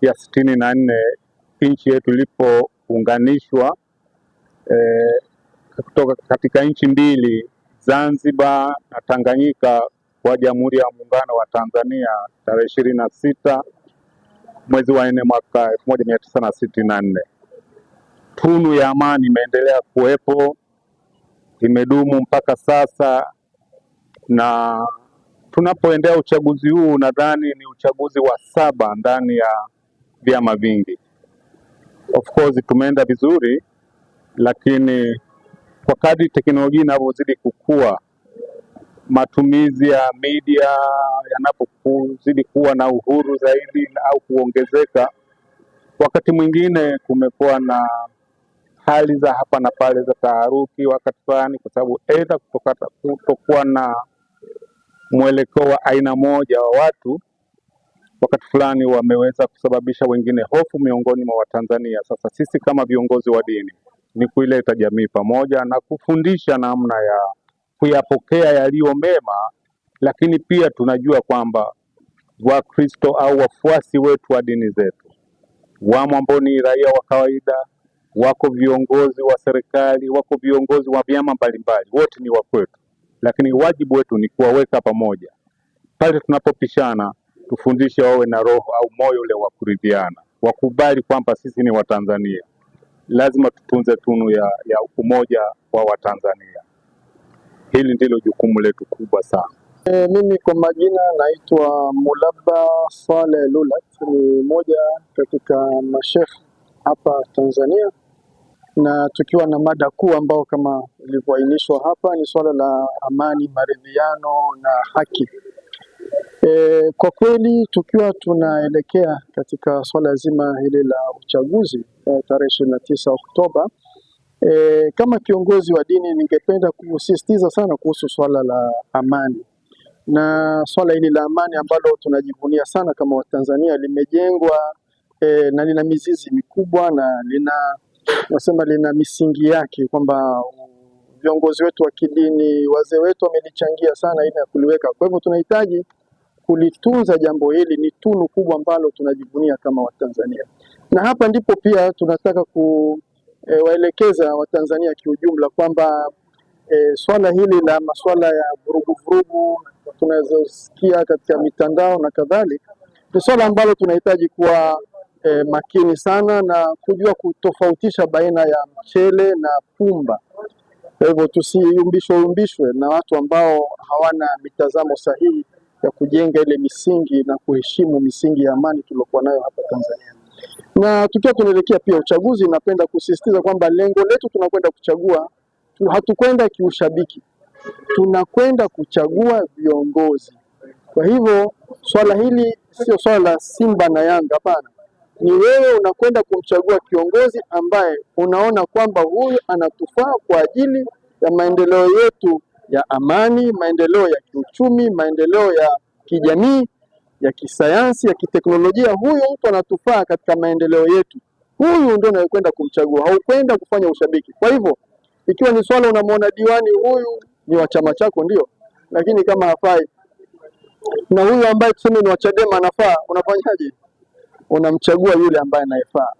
ya sitini na nne nchi yetu ilipounganishwa eh, kutoka katika nchi mbili Zanzibar na Tanganyika kwa Jamhuri ya Muungano wa Tanzania tarehe ishirini na sita mwezi wa nne mwaka elfu moja mia tisa na sitini na nne. Tunu ya amani imeendelea kuwepo, imedumu mpaka sasa, na tunapoendea uchaguzi huu, nadhani ni uchaguzi wa saba ndani ya vyama vingi. Of course tumeenda vizuri, lakini kwa kadri teknolojia inavyozidi kukua, matumizi ya media yanapozidi kuwa na uhuru zaidi au kuongezeka, wakati mwingine kumekuwa na hali za hapa na pale za taharuki wakati fulani, kwa sababu aidha kutokuwa na mwelekeo wa aina moja wa watu wakati fulani wameweza kusababisha wengine hofu miongoni mwa Watanzania. Sasa sisi kama viongozi wa dini ni kuileta jamii pamoja na kufundisha namna ya kuyapokea yaliyo mema, lakini pia tunajua kwamba Wakristo au wafuasi wetu wa dini zetu wamo ambao ni raia wa kawaida, wako viongozi wa serikali, wako viongozi wa vyama mbalimbali, wote ni wakwetu, lakini wajibu wetu ni kuwaweka pamoja pale tunapopishana tufundishe wawe na roho au moyo ule wa kuridhiana, wakubali kwamba sisi ni Watanzania, lazima tutunze tunu ya, ya umoja wa Watanzania. Hili ndilo jukumu letu kubwa sana. E, mimi kwa majina naitwa Mulaba sale Lulat, ni moja katika mashehe hapa Tanzania, na tukiwa na mada kuu ambao kama ilivyoainishwa hapa ni swala la amani, maridhiano na haki. E, kwa kweli tukiwa tunaelekea katika swala zima hili la uchaguzi e, tarehe ishirini na tisa Oktoba e, kama kiongozi wa dini ningependa kusisitiza sana kuhusu swala la amani na swala hili la amani ambalo tunajivunia sana kama Watanzania limejengwa e, na lina mizizi mikubwa na lina nasema lina misingi yake kwamba viongozi wetu wa kidini, wazee wetu wamelichangia sana ili kuliweka. Kwa hivyo tunahitaji kulitunza jambo hili ni tunu kubwa ambalo tunajivunia kama Watanzania, na hapa ndipo pia tunataka kuwaelekeza e, Watanzania kiujumla kwamba e, swala hili la masuala ya vuruguvurugu tunazosikia katika mitandao na kadhalika ni swala ambalo tunahitaji kuwa e, makini sana na kujua kutofautisha baina ya mchele na pumba. Kwa hivyo tusiyumbishwe yumbishwe na watu ambao hawana mitazamo sahihi ya kujenga ile misingi na kuheshimu misingi ya amani tuliokuwa nayo hapa Tanzania. Na tukiwa tunaelekea pia uchaguzi, napenda kusisitiza kwamba lengo letu tunakwenda kuchagua, hatukwenda kiushabiki, tunakwenda kuchagua viongozi. Kwa hivyo swala hili sio swala la Simba na Yanga, hapana. Ni wewe unakwenda kumchagua kiongozi ambaye unaona kwamba huyu anatufaa kwa ajili ya maendeleo yetu ya amani, maendeleo ya kiuchumi, maendeleo ya kijamii, ya kisayansi, ya kiteknolojia. Huyu mtu anatufaa katika maendeleo yetu, huyu ndio unayokwenda kumchagua, haukwenda kufanya ushabiki. Kwa hivyo ikiwa ni swala unamwona diwani huyu ni wa chama chako ndio, lakini kama hafai na huyu ambaye tuseme ni wa Chadema anafaa, unafanyaje? Unamchagua yule ambaye anayefaa.